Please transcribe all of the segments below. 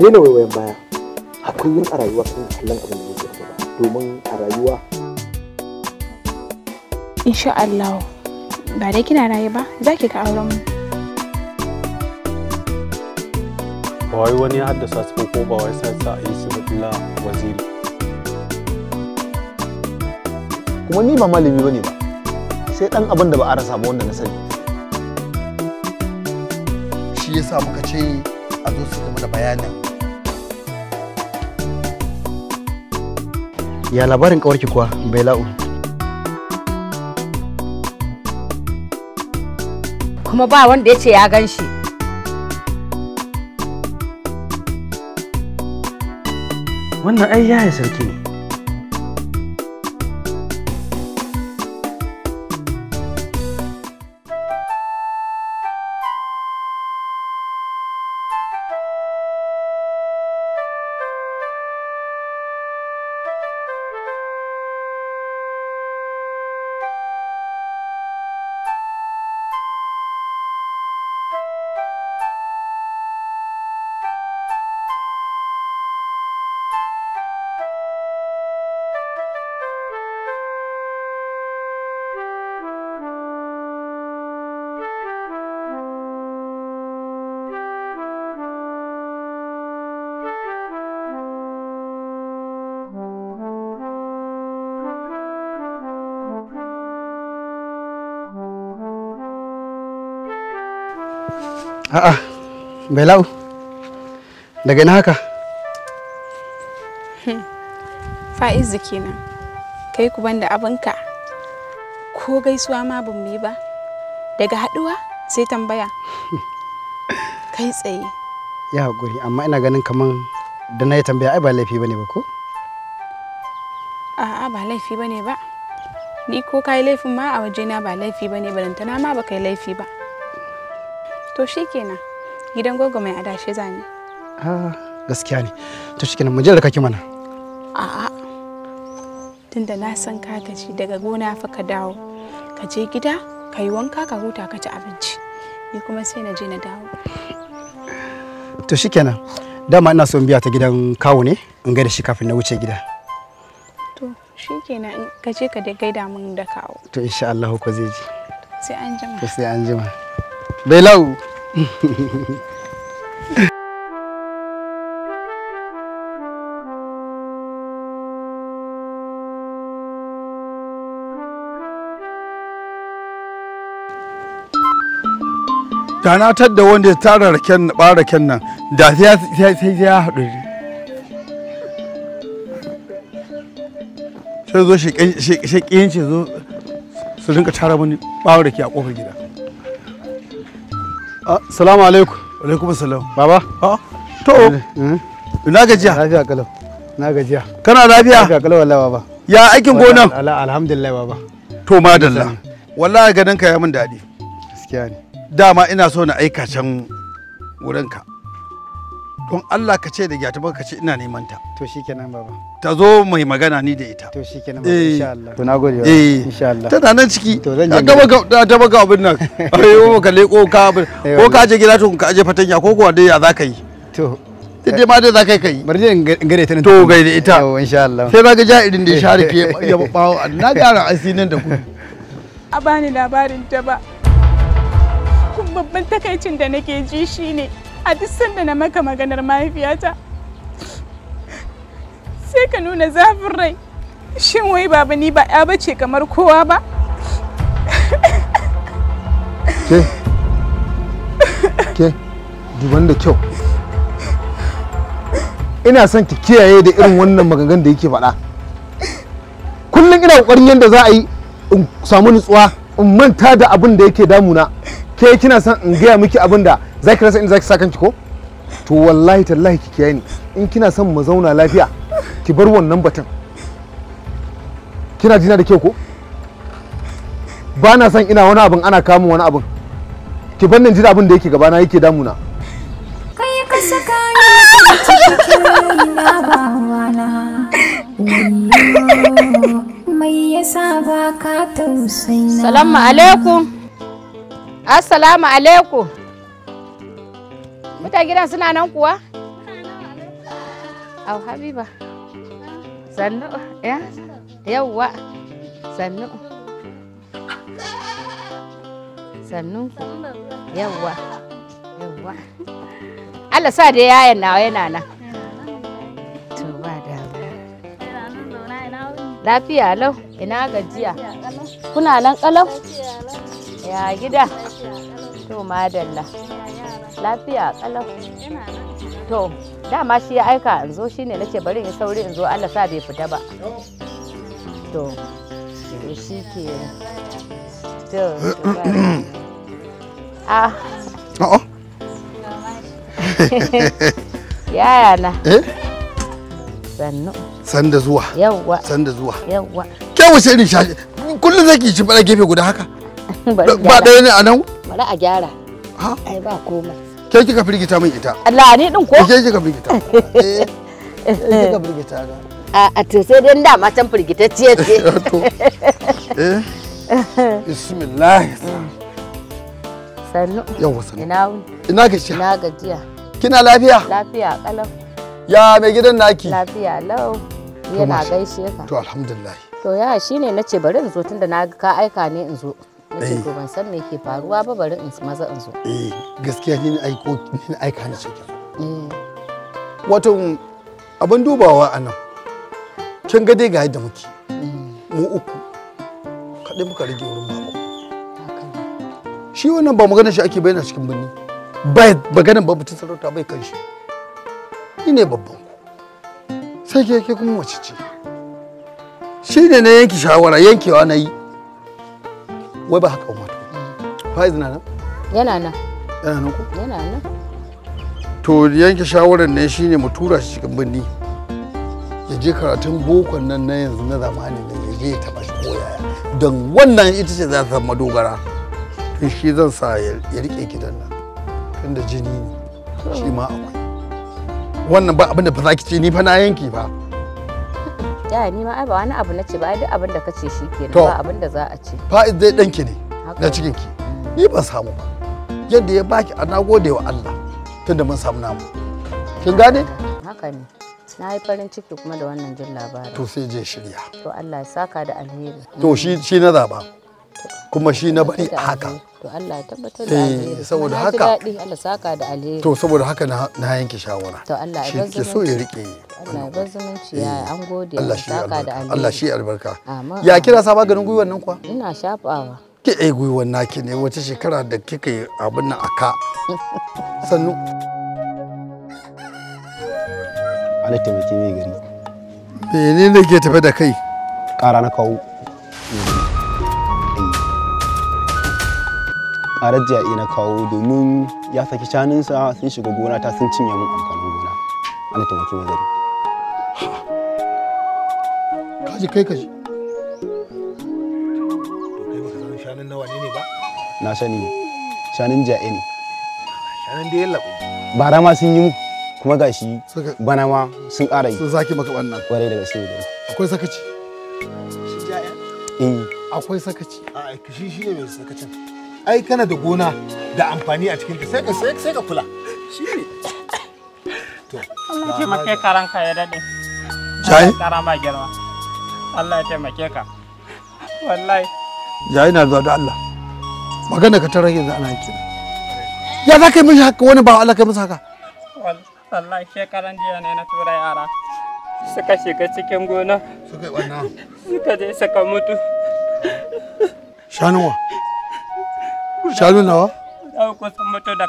ka daina wayoyin baya a kullum a rayuwa kan kallon abin da yake ba domin a rayuwa insha Allah ba dai kina raye ba za ki ka auren mu ba wai wani ya haddasa su ko ba wai sai sa yi subhanallah waziri kuma ni ba malami bane ba sai dan abin da ba a rasa ba wanda na sani shi yasa muka ce a zo su zama da bayanin ya labarin kawarki kuwa bela'u kuma ba wanda ya ce ya gan shi wannan ai yaya sarki ne A'a, Bela'u, daga na haka? Hmm, Fa'izu kenan, kai ku banda abinka, ko gaisuwa ma ban ba, daga haɗuwa sai tambaya. Kai tsaye. Ya haƙuri, amma ina ganin kaman da na yi tambaya ai ba laifi ba ne ba ko? A'a ba laifi bane ba. Ni ko kai laifin ma a waje na ba laifi bane balantana ma ba kai laifi ba. to shikenan gidan gogo mai adashe zani a ah, gaskiya ne to shikenan mu je da kake mana a'a tunda na san ka gaji daga gona fa ka dawo ka je gida ka yi wanka ka huta ka ci abinci ni kuma sai na je na dawo to shikenan dama ina son biya ta gidan kawo ne in gaida shi kafin na wuce gida to shikenan ka je ka da gaida mun da kawo to insha Allah ko zai ji sai an jima sai an jima bailau da na tadda wanda ya tara raken bara raken nan da sai ya haɗu sai zo shi ƙiyanci zo su rinka tara mani ɓawon rake a ƙofar gida Assalamu alaikum. Alaikum assalam. Baba. Ha? To. Ina gajiya. Lafiya kalau. Na gajiya. Kana lafiya? Lafiya kalau wallahi baba. Ya aikin gonan? Alhamdulillah baba. To madalla. Wallahi ganin ka ya min daɗi. Gaskiya ne. Dama ina so na aika can wurinka. don Allah ka ce da gyatuba ka ce ina neman ta to shikenan baba ta zo mai magana ni da ita to shikenan baba insha eh. Allah to nagode wa eh. insha Allah tana nan ciki to zan ga ga ga ta baka abin nan ayo ka leko ka ko ka je gida to ka aje fatanya ko kuwa dai ya zaka yi to dai ma dai zaka kai bari in gare ta nan. to gai da ita insha Allah sai ga ja'irin da ya share fiye ya bawo na gara asinin da ku a bani labarin ta ba kun babban takaicin da nake ji shine a duk sanda na maka maganar mahaifiyata sai ka nuna zafin rai shin wai baba ni ba ya bace kamar kowa ba ke ke duban da kyau ina son ki kiyaye da irin wannan maganganun da yake faɗa kullum ina ƙoƙarin yadda za a yi in samu nutsuwa in manta da abin da yake damuna ke kina son in gaya miki abin da za ki rasa inda za ki sa kanki ko to wallahi tallahi ki kiyaye ni in kina son mu zauna lafiya ki bar wannan batun kina jina da kyau ko ba na son ina wani abin ana kamun wani abin ki bar nan jira abin da yake gabana yake damuna kai ka saka ni na mai ba ka tausayi salamu alaikum Assalamu alaikum. Mutan gidan suna nan kuwa? Au Habiba. Sannu, ya? Yawwa. Sannu. Sannu. Yawwa. Yawwa. Allah sa da yayan nawa yana nan. To ba da. Lafiya lau, ina gajiya. Kuna nan kalau? Ya gida? To madalla. Lafiya kalau. To dama shi ya aika in zo shine nace bari in sauri in zo Allah sa bai fita ba. To shi ke. To. Ah. Oh. Yaya na. Eh? Sannu. Sanda zuwa. Yawwa. Sanda zuwa. Yawwa. Kyawun sai ni shashi. Kullum zaki ci bada gefe guda haka. ba ɗaya ne a nan bari a gyara ai ba komai ke kika firgita min ita Allah ni din ko ke kika firgita eh kika firgita ga a a to sai dan da matan firgitacciye ce eh, eh. bismillah sannu yawa sannu ina ina gajiya ina gajiya kina lafiya lafiya kalau ya mai gidan naki lafiya lau yana gaishe ka to alhamdulillah to ya shine nace bari in zo tunda na ka aika ne in zo na ce eh. ban san me yake faruwa ba bari in maza in zo eh gaskiya ni aiko ni aika ni cikin eh. wato abin dubawa a nan kin ga dai ga yadda muke mm. mu uku kaɗai muka rage wurin babu shi wannan ba maganar shi ake bayyana cikin birni ba maganar ba mutum sarauta bai kan shi ni ne babban ku sai ke kuma wace ce shi ne na yanke shawara yankewa na yi wai ba haka umma faiz na nan yana nan yana nan ko yana nan to yanke shawarar ne shine mu tura shi cikin birni ya je karatun bokon nan na yanzu na zamani ne ya je ya taba shi koyaya don wannan ita ce za ta zama dogara to shi zan sa ya rike gidan nan tunda jini ne shi ma akwai wannan ba abin da ba za ki ce ni fa na yanki ba yaya ni ma ai ba wani abu na ce ba ai duk abin da kace shi kenan ba abin da za a ce fa'iz dai danki ne na cikin ki ni ban samu ba yadda ya baki a nagode wa Allah tun da mun samu namu kin gane haka ne na yi farin ciki kuma da wannan jin labarin to sai je shirya to Allah ya saka da alheri to shi shi na zaba kuma shi na bari haka to Allah ya da eh, saboda haka to saboda haka na yanke shawara to Allah so ya rike Allah ya Allah shi albarka ya kira sa maganin gwiwan nan kuwa ina shafawa ke ai eh, gwiwan naki ne wata shekara da kika yi abin nan aka sannu Allah taimake gari menene ke tafe da kai ƙara na kawo ƙarar jiyaɗe na kawo domin ya saki shanunsa sun shiga gona ta sun cinye mun amfanin gona ana taimaki wajen kaji kai kaji shanun nawa ne ba na sani shanun jiyaɗe ne shanun da yalla laɓe bara ma sun yi kuma gashi bana ma sun ƙara yi sun zaki maka wannan ƙwarai da gaske akwai sakaci shi jaya eh akwai sakaci a shi shi ne mai sakacin ai kana da gona da amfani a cikin ta sai ka sai ka kula shine to Allah ya taimake ka ya dade jai tsara ma girma Allah ya taimake ka wallahi jai na zuwa da Allah magana ka tarar yanzu ana yake ya za ka yi mishi haka wani ba Allah ka masa haka wallahi shekaran jiya ne na tura yara suka shiga cikin gona suka yi wannan suka je suka mutu shanuwa shanu nawa mutu da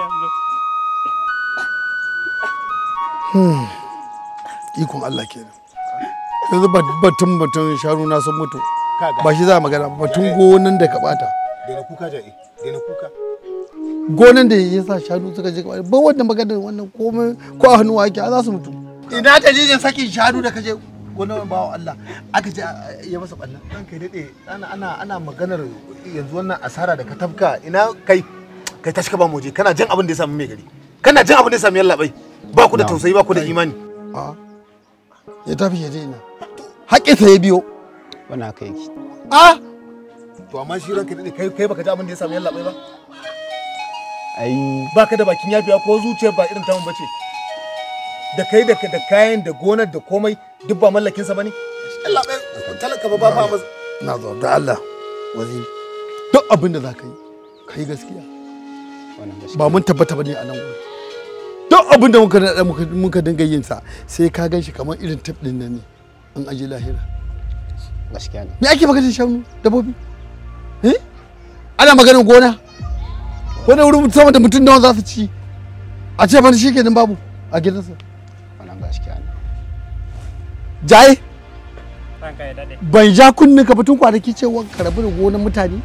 yanzu hmm. ikon Allah yanzu batun batun na sun mutu ba shi za magana batun gonan da ka bata daina kuka ja'i eh, daina kuka gonan da ya sa shanu suka je ba wannan komai ko a hannu ake za su mutu ina dalilin sakin shanu da kaje wani bawa Allah aka ji ya masa ɓanna ɗan kai daɗe ana maganar yanzu wannan asara da ka tafka ina kai kai tashi ka ba moje kana jin abin da ya samu mai gari kana jin abin da ya samu yalla bai ba ku da tausayi ba ku da imani ya tafi ya je ina haƙƙinsa ya biyo wani aka yi a to amma shi ranka daɗe kai kai baka ji abin da ya samu yalla bai ba ai baka da bakin yafiya ko zuciyar ba irin tamu bace da kai da kayan da gonar da komai duk ba mallakin sa bane Allah bai talaka ba ba ba na zo da Allah waziri duk abin da zaka yi kai gaskiya ba mun tabbata bane a nan gurin duk abin da muka muka dinga yin sa sai ka ganshi kamar irin tab din nan ne an aje lahira gaskiya ne me ake maganar shanu dabobi eh ana maganin gona wani wurin sama da mutum nawa za su ci a ce bani shi kenan babu a gidansa Jai. Ban ja kunnin ka batun kwanaki kice ka rabu da gona mutane?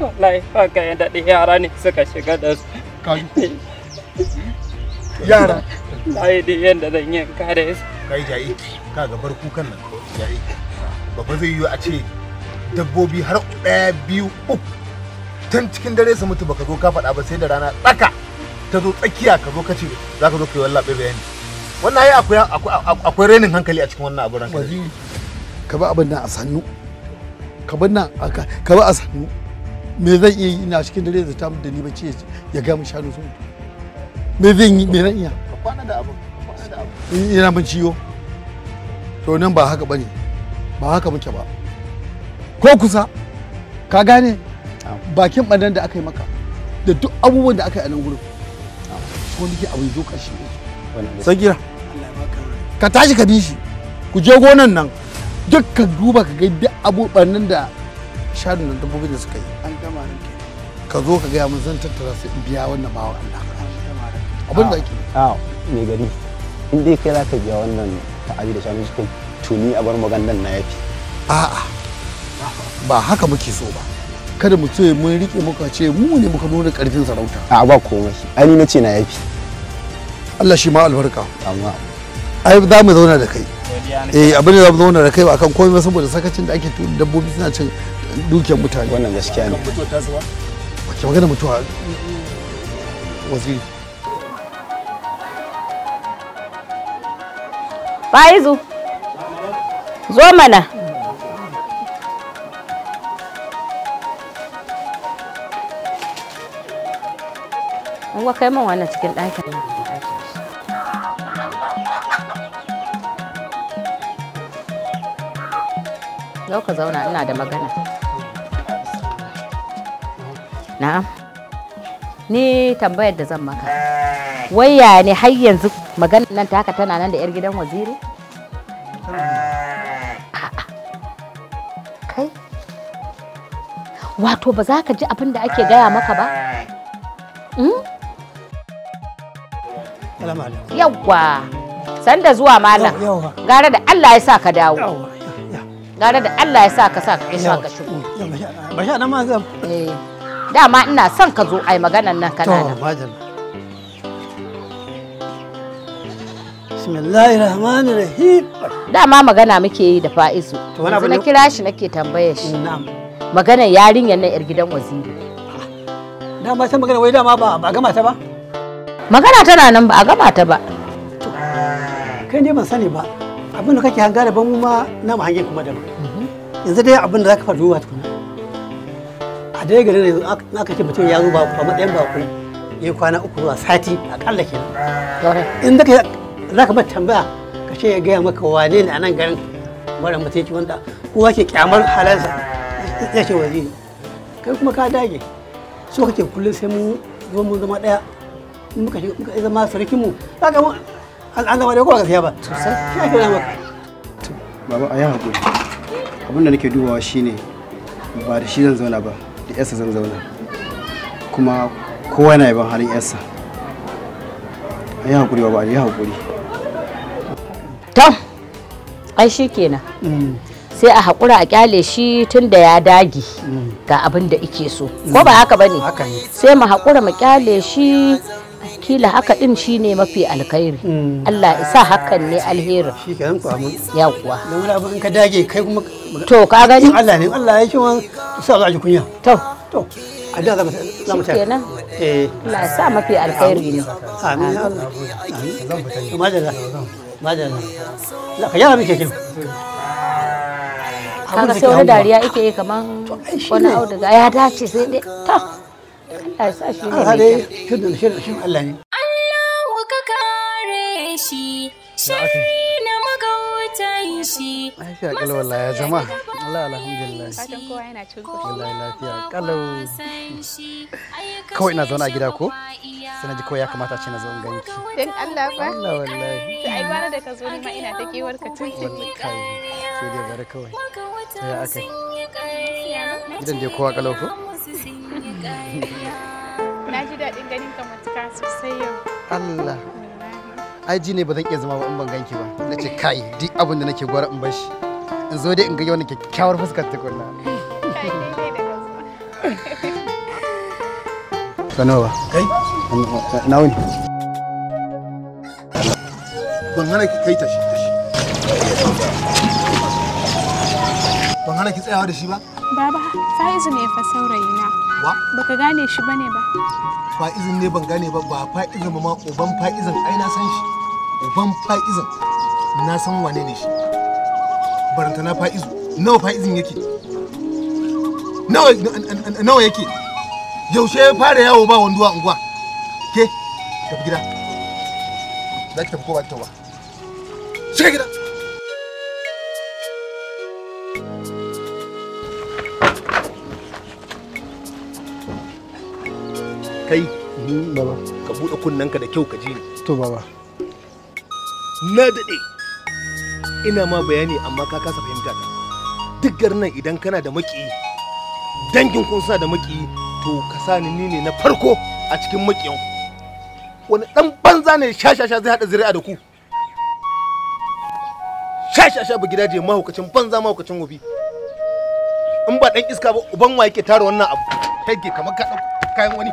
Wallahi haka ya daɗi yara ne suka shiga da su. Yara. Layi da yadda zan yi kare su. Kai jai ka ga bar kukan nan jai. Baba zai yi a ce dabbobi har ɗaya biyu uku tun cikin dare su mutu baka zo ka faɗa ba sai da rana tsaka ta zo tsakiya ka zo ka ce za ka zo ka yi wallaɓe bayani. wannan ai akwai akwai renin hankali a cikin wannan abu ranka ka ba abin nan a sannu ka bar nan ka ba a sannu me zan iya yi ina cikin dare da ta da ni bacci ya ga mu shanu sun me zan yi me zan iya ka kwana da abu. ina mun ciyo to nan ba haka bane ba haka muke ba ko kusa ka gane bakin ɓandan da aka yi maka da duk abubuwan da aka yi a nan gurin ko nake abu zo kashi sagira ka tashi ka bi shi ku je gonan nan duk ka duba ka ga duk abubuwan nan da shadu nan dabbobin da suka yi an gama nan ke ka zo ka gaya mun zan tattara su in biya wannan bawa Allah abin da ake a me gari in dai kai zaka biya wannan aji da shanu suka tuni a bar magandan na yafi a'a ba haka muke so ba kada mu ce mun rike muka ce mu ne muka nuna karfin sarauta a ba komai ani na ce na yafi Allah shi ma albarka amma ai za mu zauna da kai eh abin da za mu zauna da kai ba akan komai ba saboda sakacin da ake tudu dabbobi suna cin dukiyar mutane wannan gaskiya ne ke magana mutuwa waziri Faizu zo mana An kai min wannan cikin ɗakin. zauka ka zauna ina da magana. Na'am. Ni tambayar da zan maka. Waya ne har yanzu maganar nan ta haka tana nan da 'yar gidan waziri? Kai? Wato ba za ka ji abin da ake gaya maka ba? Hmm? Yawwa, sanda zuwa malam. Gara da Allah ya sa ka dawo. Gara da Allah ya sa ka sa ka sa ka shigo. Ba sha nan ma zan. Eh. Dama ina son ka zo ai maganan nan kana. To majal. Bismillahir Rahmanir Rahim. Dama magana muke yi da Fa'izu. To wani abu na kira shi nake tambayar shi. Na'am. Maganar yarinyar nan yar gidan waziri. Dama sai magana wai dama ba ba gama ta ba. Magana tana nan ba a gama ta ba. Kai ne ban sani ba. abin da kake hanga daban ma na mu hange kuma daban yanzu dai abin da zaka fara duba tukuna a dai gari ne na kake mutum ya zo ba ku matsayin ba ku ya kwana uku zuwa sati a ƙalla ke in da zaka ba tambaya ka ce ya gaya maka wane ne a nan garin mara ki wanda kowa ke kyamar halansa ya ce waziri kai kuma ka dage so kake kullum sai mu zo mu zama daya in muka zama sarkinmu zaka an zama ko ba gaskiya ba baba a yi hakuri abin da nake dubawa shine ba da shi zan zauna ba da yarsa zan zauna kuma kowa yana yaban halin yarsa a yi hakuri baba a yi hakuri. tom ai shi kenan mm. sai a haƙura a kyale shi tun da ya dage mm. ga abin da ike so mm. ko ba haka ba ne sai mu haƙura mu kyale shi kila haka din shine mafi alkhairi mm. Allah isa hakan ne alherin shi kenan to ka gani Allah ne Allah ya shi sa za ji to to a eh. sa mafi alkhairi ne amin kaga sai wani dariya yake kaman wani auduga ya dace sai dai to Allah ya shi ne. Allah ne. ka kare shi shari na magautan shi. Lafiya kalau wallahi ya zama. Allah alhamdulillah. Fatan kowa yana cin koshi. Wallahi lafiya Kawai na zauna a gida ko? sai na ji kawai ya kamata ce na zo in ganki. Dan Allah ba. Allah wallahi. Ai da ka zo ni ma ina ta kewar ka tun. Wallahi kai. Sai dai bari kawai. ya aka idan dai kowa kalau na ji daɗin ganin ka matuka sosai yau Allah ai ji ne ba zan iya zama ba in ban ganki ba na ce kai duk abin da nake gwara in bar shi in zo dai in ga kyakkyawar fuskar na wuni ban hana kai tashi tashi hana ki tsayawa da shi ba? Baba, Fa'izu ne fa saurayi na. Wa? Baka gane shi bane ba. Fa'izun ne ban gane ba, ba Fa'izun ba ma uban Fa'izun ai na san shi. Uban Fa'izun na san wane ne shi. Baranta na Fa'izu. Nawa Fa'izun yake? Nawa nawa yake? Yaushe ya fara yawo ba wanduwa unguwa? Ke, tafi gida. Za ki tafi ko ba ta ba? Shiga gida. baba ka buɗe kunnanka da kyau ka ji ni to baba na daɗe ina ma bayani amma ka kasa fahimta ta duk garin nan idan kana da maƙiyi dangin kun sa da maƙiyi to ka sa ni ne na farko a cikin maƙiyan wani ɗan banza ne shashasha zai haɗa zuri'a da ku shashasha ba gidaje mahaukacin banza mahaukacin wabi in ba dan iska ba uban wa yake tara wannan abu tagge kamar ka kayan wani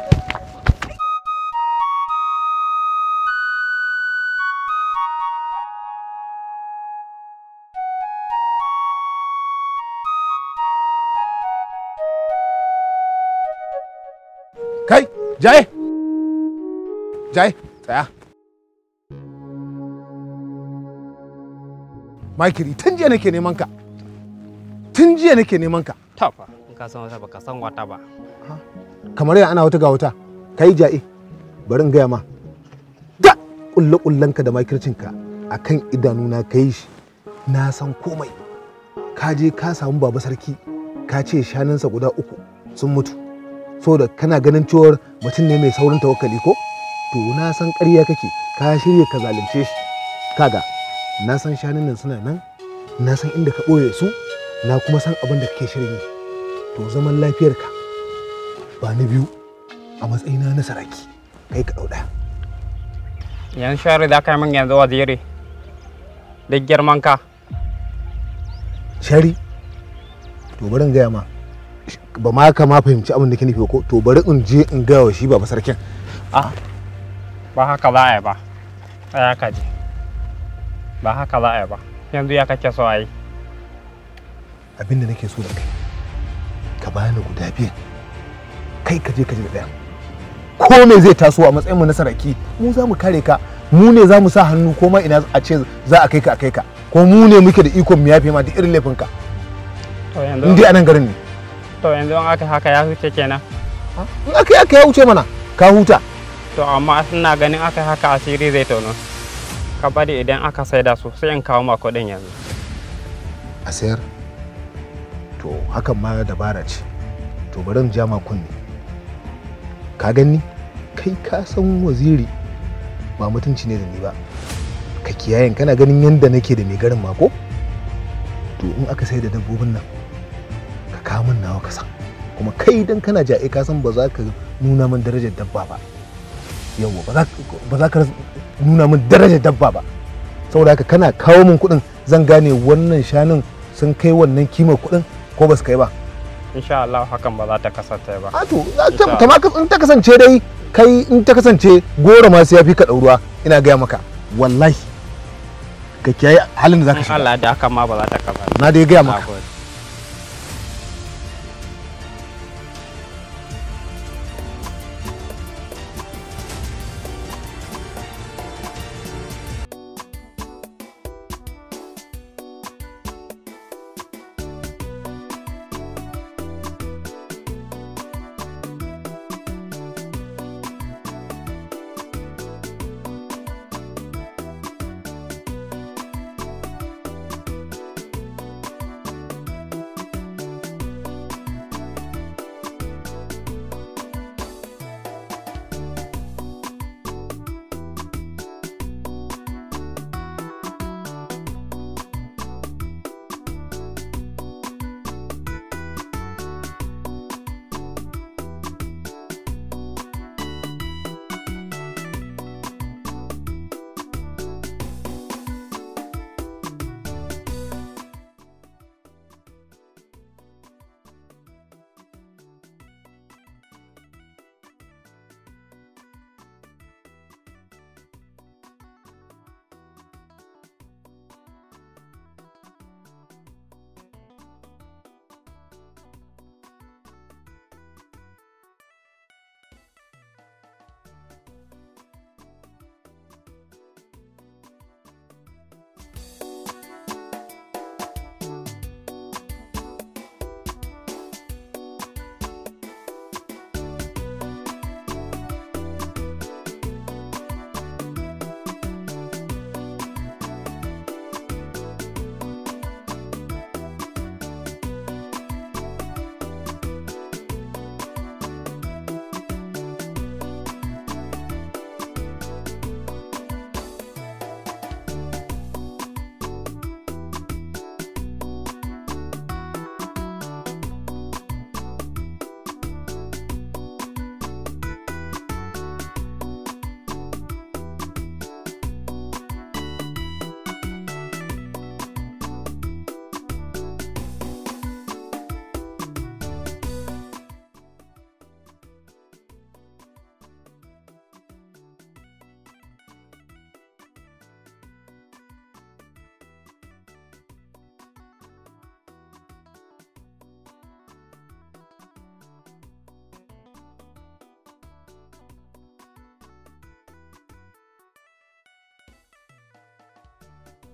Jai! Jai, tsaya. Makiri, tun jiya nake neman ka. Tun jiya nake neman ka. Tafa, in ka san wata baka san wata ba. Kamar yana ana wata ga wata. Kai ja'i, bari in gaya ma. Da kulle kullen ka da makircinka a kan idanuna ka yi shi. Na san komai. Ka je ka samu baba sarki, ka ce shanunsa guda uku sun mutu. da kana ganin cewar mutum ne mai saurin tawakkali ko to na san ƙarya kake ka shirya ka zalunce shi kaga na san shanun nan suna nan na san inda ka ɓoye su na kuma san abin da kake shirin yi to zaman lafiyarka ba na biyu a matsayina na saraki kai ka ɗau ɗaya yan share da kai min yanzu waziri da girman ka shari to barin gaya ma ba ma ka ma fahimci abin da ke nufi ko to bari in je in ga wa shi baba sarkin a ba haka za a yi ba tsaya ka je ba haka za a yi ba yanzu ya kake so a yi abin da nake so da kai ka bani guda biyan kai ka je ka je da ɗaya ko me zai taso a matsayin mu na saraki mu za mu kare ka mu ne za mu sa hannu ko ma ina a ce za a kai ka a kai ka ko mu ne muke da ikon mu yafe ma duk irin laifin ka in dai anan garin ne to yanzu an aka haka ya huce kenan in aka yi aka ya huce mana ka huta to amma ina ganin aka haka asiri zai tono ka bari idan aka saida su sai in kawo mako din yanzu a sayar to hakan ma dabara ce to bari in ja ma ka gani kai ka san waziri ba mutunci ne da ni ba ka kiyayen kana ganin yadda nake da mai garin mako to in aka sai da dabbobin nan min nawa ka san kuma kai idan kana ja'e eh ka san ba za ka nuna min darajar dabba ba yawa ba za ka nuna min darajar dabba ba saboda haka kana kawo min kuɗin zan gane wannan shanun sun kai wannan kimar kuɗin ko ba su kai ba insha Allah hakan ba za ta kasance ba a ah, to in ta kasance dai kai in ta kasance goro ma sai ya fi ka ɗauruwa ina gaya maka wallahi ka kiyaye halin da za ka shiga Allah da haka ma ba za ta kaba na dai gaya maka うん。